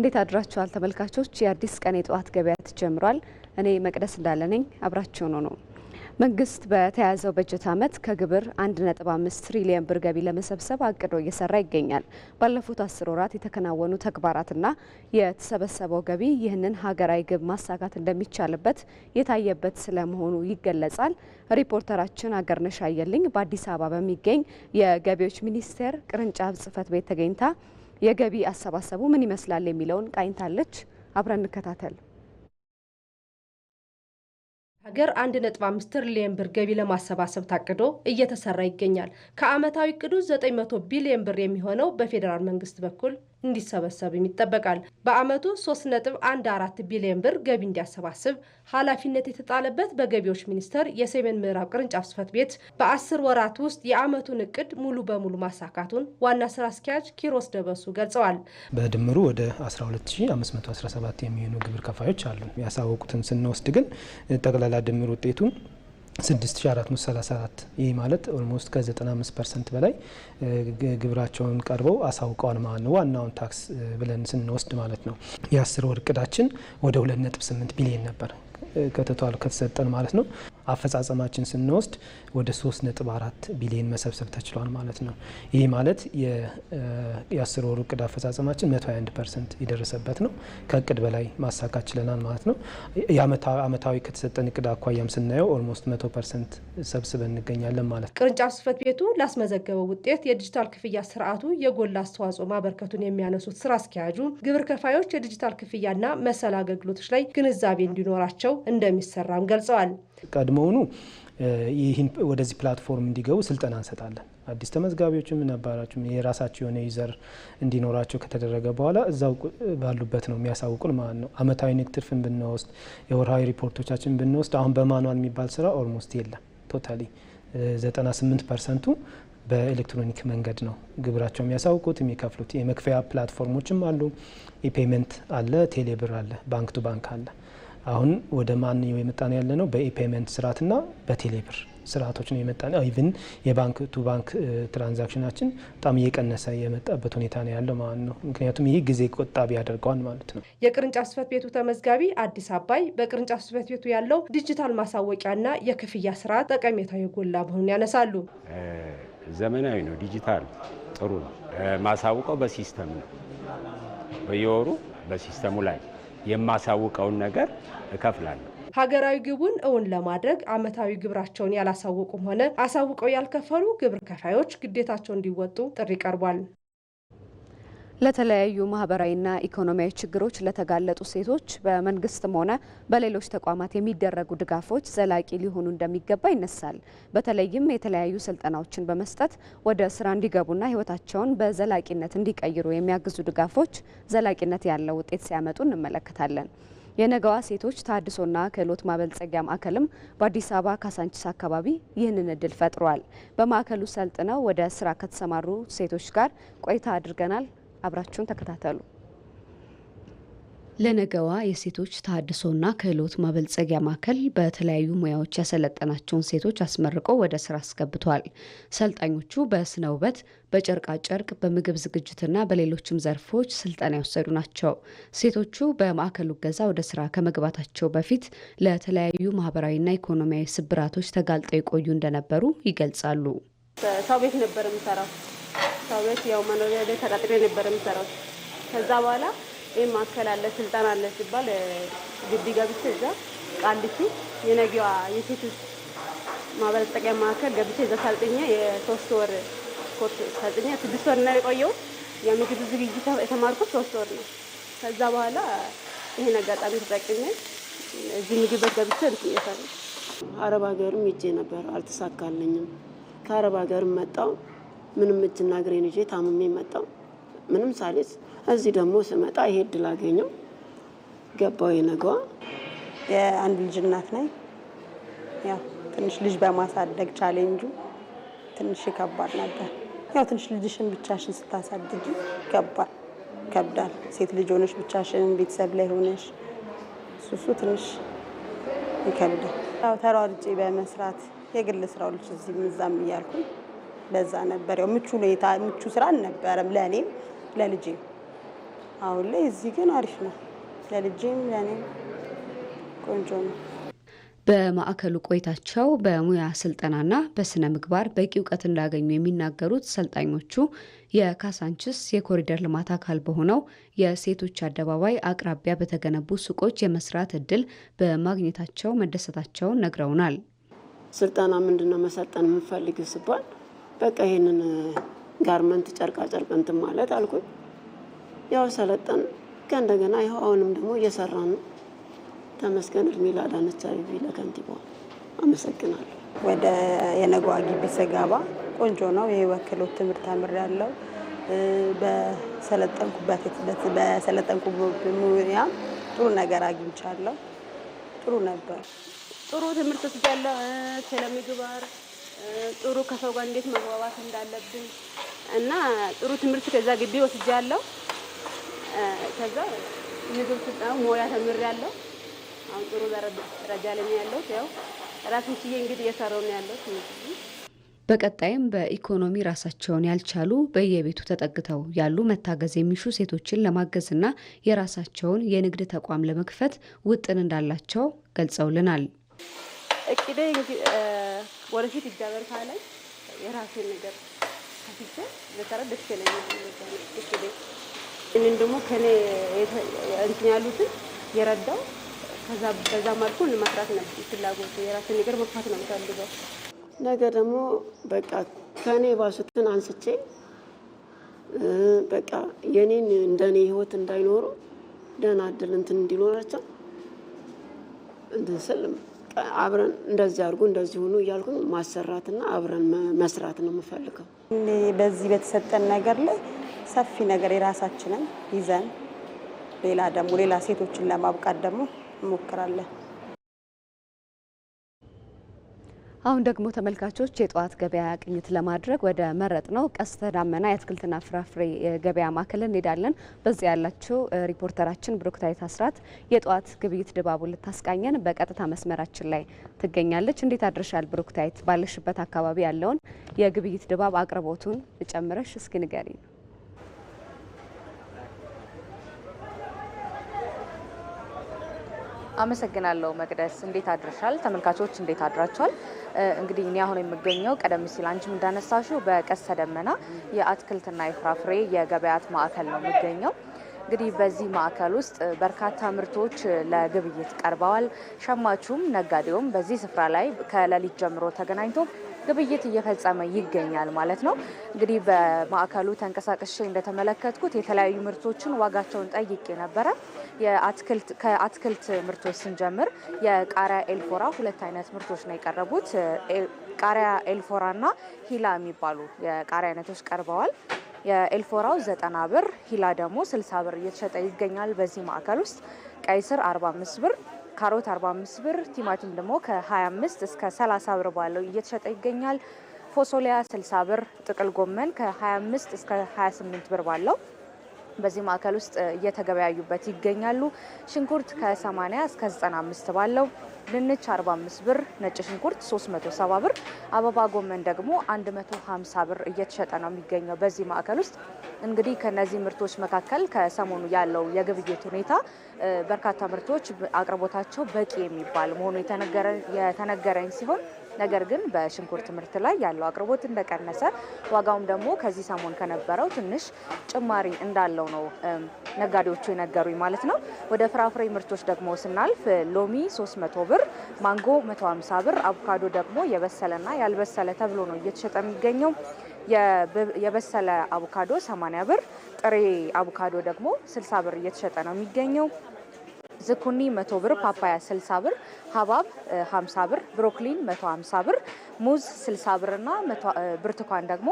እንዴት አድራችኋል ተመልካቾች? የአዲስ ቀን የጠዋት ገበያ ተጀምሯል። እኔ መቅደስ እንዳለ አብራችሁ አብራችሁን ነው። መንግስት በተያያዘው በጀት ዓመት ከግብር 1.5 ትሪሊዮን ብር ገቢ ለመሰብሰብ አቅዶ እየሰራ ይገኛል። ባለፉት አስር ወራት የተከናወኑ ተግባራትና የተሰበሰበው ገቢ ይህንን ሀገራዊ ግብ ማሳካት እንደሚቻልበት የታየበት ስለመሆኑ ይገለጻል። ሪፖርተራችን አገርነሽ አየልኝ በአዲስ አበባ በሚገኝ የገቢዎች ሚኒስቴር ቅርንጫፍ ጽህፈት ቤት ተገኝታ የገቢ አሰባሰቡ ምን ይመስላል የሚለውን ቃኝታለች። አብረን እንከታተል። ሀገር 1.5 ትሪሊየን ብር ገቢ ለማሰባሰብ ታቅዶ እየተሰራ ይገኛል። ከአመታዊ እቅዱ 900 ቢሊየን ብር የሚሆነው በፌዴራል መንግስት በኩል እንዲሰበሰብም ይጠበቃል። በዓመቱ 3.14 ቢሊዮን ብር ገቢ እንዲያሰባስብ ኃላፊነት የተጣለበት በገቢዎች ሚኒስቴር የሰሜን ምዕራብ ቅርንጫፍ ጽሕፈት ቤት በአስር ወራት ውስጥ የዓመቱን እቅድ ሙሉ በሙሉ ማሳካቱን ዋና ስራ አስኪያጅ ኪሮስ ደበሱ ገልጸዋል። በድምሩ ወደ 12517 የሚሆኑ ግብር ከፋዮች አሉ። ያሳወቁትን ስንወስድ ግን ጠቅላላ ድምር ውጤቱን 6434 ይህ ማለት ኦልሞስት ከ95 ፐርሰንት በላይ ግብራቸውን ቀርበው አሳውቀዋል ማለት ነው። ዋናውን ታክስ ብለን ስንወስድ ማለት ነው። የአስር ወር እቅዳችን ወደ 2.8 ቢሊዮን ነበር ከተቷል ከተሰጠን ማለት ነው። አፈጻጸማችን ስንወስድ ወደ 3.4 ቢሊዮን መሰብሰብ ተችሏል ማለት ነው። ይህ ማለት የአስር ወሩ እቅድ አፈጻጸማችን 121 ፐርሰንት የደረሰበት ነው። ከእቅድ በላይ ማሳካት ችለናል ማለት ነው። የአመታዊ ከተሰጠን እቅድ አኳያም ስናየው ኦልሞስት 100 ፐርሰንት ሰብስበን እንገኛለን ማለት ነው። ቅርንጫፍ ጽህፈት ቤቱ ላስመዘገበው ውጤት የዲጂታል ክፍያ ስርዓቱ የጎላ አስተዋጽኦ ማበርከቱን የሚያነሱት ስራ አስኪያጁ ግብር ከፋዮች የዲጂታል ክፍያና መሰል አገልግሎቶች ላይ ግንዛቤ እንዲኖራቸው እንደሚሰራም ገልጸዋል። ቀድሞውኑ ይህን ወደዚህ ፕላትፎርም እንዲገቡ ስልጠና እንሰጣለን። አዲስ ተመዝጋቢዎችም ነባራችሁም የራሳቸው የሆነ ዩዘር እንዲኖራቸው ከተደረገ በኋላ እዛው ባሉበት ነው የሚያሳውቁን ማለት ነው። አመታዊ ንግድ ትርፍን ብንወስድ፣ የወርሃዊ ሪፖርቶቻችን ብንወስድ አሁን በማኗል የሚባል ስራ ኦልሞስት የለም። ቶታሊ 98 ፐርሰንቱ በኤሌክትሮኒክ መንገድ ነው ግብራቸው የሚያሳውቁት የሚከፍሉት። የመክፈያ ፕላትፎርሞችም አሉ። ኢፔመንት አለ፣ ቴሌብር አለ፣ ባንክ ቱ ባንክ አለ። አሁን ወደ ማንኛው የመጣነው ያለ ነው በኢፔመንት ስርዓትና በቴሌብር ስርዓቶች ነው የመጣነው። ኢቭን የባንክ ቱ ባንክ ትራንዛክሽናችን በጣም እየቀነሰ የመጣበት ሁኔታ ነው ያለው ማለት ነው። ምክንያቱም ይህ ጊዜ ቆጣቢ ያደርገዋል ማለት ነው። የቅርንጫፍ ጽህፈት ቤቱ ተመዝጋቢ አዲስ አባይ በቅርንጫፍ ጽህፈት ቤቱ ያለው ዲጂታል ማሳወቂያና የክፍያ ስርዓት ጠቀሜታው የጎላ መሆኑን ያነሳሉ። ዘመናዊ ነው፣ ዲጂታል ጥሩ ነው። ማሳውቀው በሲስተም ነው በየወሩ በሲስተሙ ላይ የማሳውቀውን ነገር እከፍላለሁ። ሀገራዊ ግቡን እውን ለማድረግ ዓመታዊ ግብራቸውን ያላሳወቁም ሆነ አሳውቀው ያልከፈሉ ግብር ከፋዮች ግዴታቸው እንዲወጡ ጥሪ ቀርቧል። ለተለያዩ ማህበራዊና ኢኮኖሚያዊ ችግሮች ለተጋለጡ ሴቶች በመንግስትም ሆነ በሌሎች ተቋማት የሚደረጉ ድጋፎች ዘላቂ ሊሆኑ እንደሚገባ ይነሳል። በተለይም የተለያዩ ስልጠናዎችን በመስጠት ወደ ስራ እንዲገቡና ህይወታቸውን በዘላቂነት እንዲቀይሩ የሚያግዙ ድጋፎች ዘላቂነት ያለው ውጤት ሲያመጡ እንመለከታለን። የነገዋ ሴቶች ታድሶና ክህሎት ማበልጸጊያ ማዕከልም በአዲስ አበባ ካሳንቺስ አካባቢ ይህንን እድል ፈጥሯል። በማዕከሉ ሰልጥነው ወደ ስራ ከተሰማሩ ሴቶች ጋር ቆይታ አድርገናል። አብራችሁን ተከታተሉ። ለነገዋ የሴቶች ተሃድሶና ክህሎት ማበልጸጊያ ማዕከል በተለያዩ ሙያዎች ያሰለጠናቸውን ሴቶች አስመርቆ ወደ ስራ አስገብቷል። ሰልጣኞቹ በስነ ውበት፣ በጨርቃ ጨርቅ፣ በምግብ ዝግጅትና በሌሎችም ዘርፎች ስልጠና የወሰዱ ናቸው። ሴቶቹ በማዕከሉ ገዛ ወደ ስራ ከመግባታቸው በፊት ለተለያዩ ማህበራዊና ኢኮኖሚያዊ ስብራቶች ተጋልጠው የቆዩ እንደነበሩ ይገልጻሉ። ሰው ቤት ነበር የምሰራው። ሰው ቤት ያው መኖሪያ ቤት ተቀጥሬ ነበር የምሰራው። ከዛ በኋላ ይህ ማዕከል አለ ስልጠና አለ ሲባል ግቢ ገብቼ እዛ ቃሊቲ የነገዋ የሴቶች ማበልጸጊያ ማዕከል ገብቼ እዛ ሰልጥኜ የሶስት ወር ኮርስ ሰልጥኜ ስድስት ወር ነው የቆየው። የምግብ ዝግጅት የተማርኩት ሶስት ወር ነው። ከዛ በኋላ ይሄን አጋጣሚ ተጠቅሜ እዚህ ምግብ ቤት ገብቼ እንትን እየሰራሁ አረብ ሀገርም ሄጄ ነበር፣ አልተሳካልኝም። ከአረብ ሀገር መጣው ምንም እጅና እግሬን ይዤ ታምሜ መጣው ምንም ሳልስ። እዚህ ደግሞ ስመጣ ይሄ እድል አገኘው ገባው የነገዋ የአንድ ልጅ እናት ነኝ። ያው ትንሽ ልጅ በማሳደግ ቻሌንጁ ትንሽ ይከባድ ነበር። ያው ትንሽ ልጅሽን ብቻሽን ስታሳድጊ ይከባል ይከብዳል። ሴት ልጅ ሆነሽ ብቻሽን ቤተሰብ ላይ ሆነሽ ሱሱ ትንሽ ይከብዳል። ያው ተሯርጬ በመስራት የግል ስራዎች እዚህም እዛም እያልኩኝ ለዛ ነበር ያው ምቹ ሁኔታ ምቹ ስራ አልነበረም ለእኔም ለልጄም። አሁን ላይ እዚህ ግን አሪፍ ነው ለልጄም ለእኔም ቆንጆ ነው። በማዕከሉ ቆይታቸው በሙያ ስልጠናና በስነ ምግባር በቂ እውቀት እንዳገኙ የሚናገሩት ሰልጣኞቹ የካሳንችስ የኮሪደር ልማት አካል በሆነው የሴቶች አደባባይ አቅራቢያ በተገነቡ ሱቆች የመስራት እድል በማግኘታቸው መደሰታቸውን ነግረውናል። ስልጠና ምንድን ነው መሰልጠን የምንፈልግ ስባል በቃ ይህንን ጋርመንት ጨርቃ ጨርቅ እንትን ማለት አልኩኝ። ያው ሰለጠን ከእንደገና ይኸው አሁንም ደግሞ እየሰራ ነው። ተመስገን እድሜ ለአዳነች አቤቤ ለከንቲባዋ አመሰግናለሁ። ወደ የነጓ ግቢ ስገባ ቆንጆ ነው። የህይወት ክህሎት ትምህርት ተምሬያለሁ። በሰለጠንኩበት በሰለጠንኩ ሙያ ጥሩ ነገር አግኝቻለሁ። ጥሩ ነበር። ጥሩ ትምህርት ወስጃለሁ። ስለምግባር ጥሩ ከሰው ጋር እንዴት መግባባት እንዳለብን እና ጥሩ ትምህርት ከዛ ግቢ ወስጃለሁ። ከዛ ምግብ ስልጠና ሞያ ተምሬያለሁ። አሁን ጥሩ ደረጃ ላይ ነው ያለሁት። ያው ራሱን ችዬ እንግዲህ እየሰራሁ ነው ያለሁት። በቀጣይም በኢኮኖሚ ራሳቸውን ያልቻሉ በየቤቱ ተጠግተው ያሉ መታገዝ የሚሹ ሴቶችን ለማገዝና የራሳቸውን የንግድ ተቋም ለመክፈት ውጥን እንዳላቸው ገልጸውልናል። እቅዴ እንግዲህ ወደፊት ይዳበር ካለ የራሴን ነገር ከፊት በተረ ደስ ይለኛል። እቅዴ እኔን ደግሞ ከኔ እንትን ያሉትን የረዳው ከዛ በዛ መልኩ ለመስራት ነው ፍላጎቱ። የራሴን ነገር መፍታት ነው የምፈልገው። ነገ ደግሞ በቃ ከኔ ባሱትን አንስቼ በቃ የኔን እንደኔ ህይወት እንዳይኖሩ ደህና እድል እንትን እንዲኖራቸው እንትን ስልም አብረን እንደዚህ አድርጉ እንደዚህ ሁኑ እያልኩኝ ማሰራትና አብረን መስራት ነው የምፈልገው። በዚህ በተሰጠን ነገር ላይ ሰፊ ነገር የራሳችንን ይዘን ሌላ ደግሞ ሌላ ሴቶችን ለማብቃት ደግሞ እንሞክራለን። አሁን ደግሞ ተመልካቾች የጠዋት ገበያ ቅኝት ለማድረግ ወደ መረጥ ነው ቀስተ ዳመና የአትክልትና ፍራፍሬ ገበያ ማዕከል እንሄዳለን። በዚያ ያላችው ሪፖርተራችን ብሩክታዊት አስራት የጠዋት ግብይት ድባቡ ልታስቃኘን በቀጥታ መስመራችን ላይ ትገኛለች። እንዴት አድርሻል ብሩክታዊት? ባለሽበት አካባቢ ያለውን የግብይት ድባብ አቅርቦቱን ጨምረሽ እስኪ ንገሪ ነው አመሰግናለሁ መቅደስ። እንዴት አድርሻል? ተመልካቾች እንዴት አድራችኋል? እንግዲህ እኔ አሁን የምገኘው ቀደም ሲል አንቺም እንዳነሳሽው በቀስተ ደመና የአትክልትና የፍራፍሬ የገበያት ማዕከል ነው የምገኘው። እንግዲህ በዚህ ማዕከል ውስጥ በርካታ ምርቶች ለግብይት ቀርበዋል። ሸማቹም ነጋዴውም በዚህ ስፍራ ላይ ከሌሊት ጀምሮ ተገናኝቶ ግብይት እየፈጸመ ይገኛል ማለት ነው። እንግዲህ በማዕከሉ ተንቀሳቅሼ እንደተመለከትኩት የተለያዩ ምርቶችን ዋጋቸውን ጠይቄ ነበረ። ከአትክልት ምርቶች ስንጀምር የቃሪያ ኤልፎራ ሁለት አይነት ምርቶች ነው የቀረቡት። ቃሪያ ኤልፎራ እና ሂላ የሚባሉ የቃሪያ አይነቶች ቀርበዋል። የኤልፎራው ዘጠና ብር፣ ሂላ ደግሞ ስልሳ ብር እየተሸጠ ይገኛል በዚህ ማዕከል ውስጥ። ቀይ ስር አርባ አምስት ብር ካሮት 45 ብር፣ ቲማቲም ደግሞ ከ25 እስከ 30 ብር ባለው እየተሸጠ ይገኛል። ፎሶሊያ 60 ብር፣ ጥቅል ጎመን ከ25 እስከ 28 ብር ባለው በዚህ ማዕከል ውስጥ እየተገበያዩበት ይገኛሉ። ሽንኩርት ከ80 እስከ 95 ባለው ድንች 45 ብር፣ ነጭ ሽንኩርት 370 ብር፣ አበባ ጎመን ደግሞ 150 ብር እየተሸጠ ነው የሚገኘው በዚህ ማዕከል ውስጥ። እንግዲህ ከነዚህ ምርቶች መካከል ከሰሞኑ ያለው የግብይት ሁኔታ በርካታ ምርቶች አቅርቦታቸው በቂ የሚባል መሆኑ የተነገረኝ ሲሆን ነገር ግን በሽንኩርት ምርት ላይ ያለው አቅርቦት እንደቀነሰ ዋጋውም ደግሞ ከዚህ ሰሞን ከነበረው ትንሽ ጭማሪ እንዳለው ነው ነጋዴዎቹ የነገሩኝ ማለት ነው። ወደ ፍራፍሬ ምርቶች ደግሞ ስናልፍ ሎሚ 300 ብር ብር፣ ማንጎ 150 ብር፣ አቮካዶ ደግሞ የበሰለና ያልበሰለ ተብሎ ነው እየተሸጠ የሚገኘው። የበሰለ አቮካዶ 80 ብር፣ ጥሬ አቮካዶ ደግሞ 60 ብር እየተሸጠ ነው የሚገኘው። ዝኩኒ 100 ብር፣ ፓፓያ 60 ብር፣ ሀባብ 50 ብር፣ ብሮኮሊን 150 ብር፣ ሙዝ 60 ብር እና ብርቱካን ደግሞ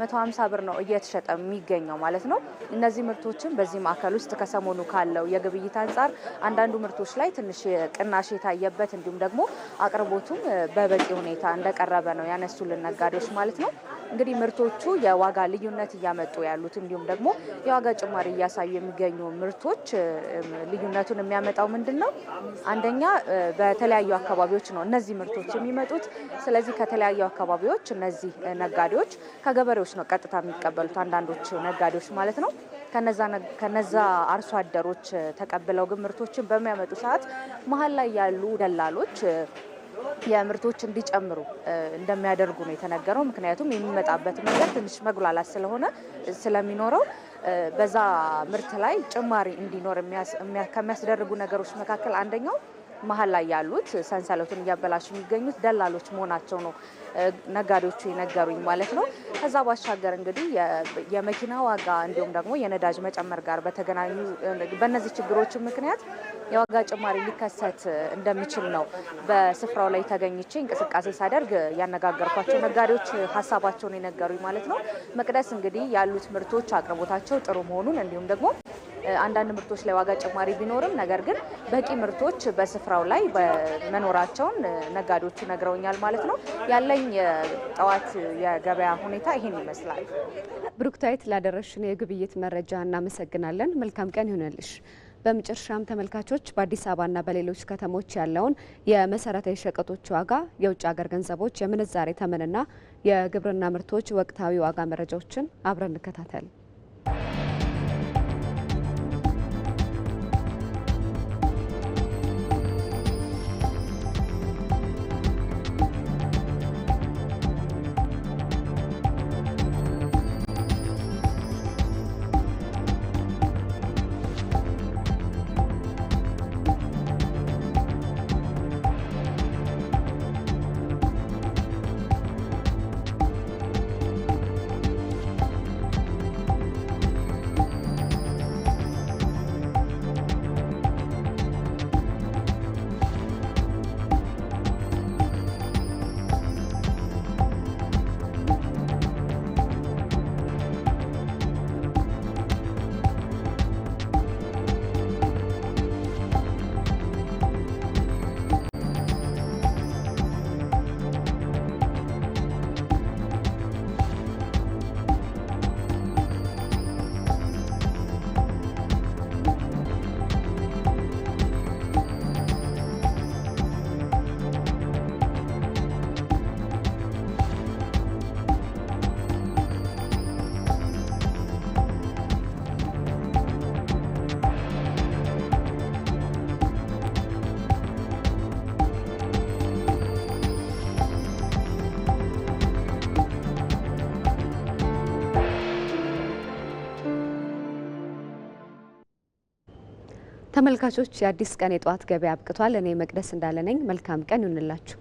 150 ብር ነው እየተሸጠ የሚገኘው ማለት ነው። እነዚህ ምርቶችን በዚህ ማዕከል ውስጥ ከሰሞኑ ካለው የግብይት አንጻር አንዳንዱ ምርቶች ላይ ትንሽ ቅናሽ የታየበት እንዲሁም ደግሞ አቅርቦቱም በበቂ ሁኔታ እንደቀረበ ነው ያነሱልን ነጋዴዎች ማለት ነው። እንግዲህ ምርቶቹ የዋጋ ልዩነት እያመጡ ያሉት እንዲሁም ደግሞ የዋጋ ጭማሪ እያሳዩ የሚገኙ ምርቶች ልዩነቱን የሚያመጣው ምንድን ነው? አንደኛ በተለያዩ አካባቢዎች ነው እነዚህ ምርቶች የሚመጡት። ስለዚህ ከተለያዩ አካባቢዎች እነዚህ ነጋዴዎች ከገበሬዎች ነው ቀጥታ የሚቀበሉት፣ አንዳንዶች ነጋዴዎች ማለት ነው። ከነዛ አርሶ አደሮች ተቀብለው ግን ምርቶችን በሚያመጡ ሰዓት መሀል ላይ ያሉ ደላሎች የምርቶች እንዲጨምሩ እንደሚያደርጉ ነው የተነገረው። ምክንያቱም የሚመጣበት መንገድ ትንሽ መጉላላት ስለሆነ ስለሚኖረው በዛ ምርት ላይ ጭማሪ እንዲኖር ከሚያስደርጉ ነገሮች መካከል አንደኛው መሀል ላይ ያሉት ሰንሰለቱን እያበላሹ የሚገኙት ደላሎች መሆናቸው ነው ነጋዴዎቹ የነገሩኝ ማለት ነው። ከዛ ባሻገር እንግዲህ የመኪና ዋጋ እንዲሁም ደግሞ የነዳጅ መጨመር ጋር በተገናኙ በእነዚህ ችግሮች ምክንያት የዋጋ ጭማሪ ሊከሰት እንደሚችል ነው በስፍራው ላይ ተገኝቼ እንቅስቃሴ ሳደርግ ያነጋገርኳቸው ነጋዴዎች ሀሳባቸውን የነገሩኝ ማለት ነው። መቅደስ እንግዲህ ያሉት ምርቶች አቅርቦታቸው ጥሩ መሆኑን እንዲሁም ደግሞ አንዳንድ ምርቶች ላይ ዋጋ ጭማሪ ቢኖርም ነገር ግን በቂ ምርቶች በስፍራው ላይ መኖራቸውን ነጋዴዎቹ ነግረውኛል ማለት ነው። ያለኝ የጠዋት የገበያ ሁኔታ ይህን ይመስላል። ብሩክታይት ላደረሽን የግብይት መረጃ እናመሰግናለን። መልካም ቀን ይሆንልሽ። በመጨረሻም ተመልካቾች በአዲስ አበባና በሌሎች ከተሞች ያለውን የመሰረታዊ ሸቀጦች ዋጋ፣ የውጭ ሀገር ገንዘቦች የምንዛሬ ተመንና የግብርና ምርቶች ወቅታዊ ዋጋ መረጃዎችን አብረን እንከታተል። ተመልካቾች የአዲስ ቀን የጠዋት ገበያ አብቅቷል። እኔ መቅደስ እንዳለ ነኝ። መልካም ቀን ይሁንላችሁ።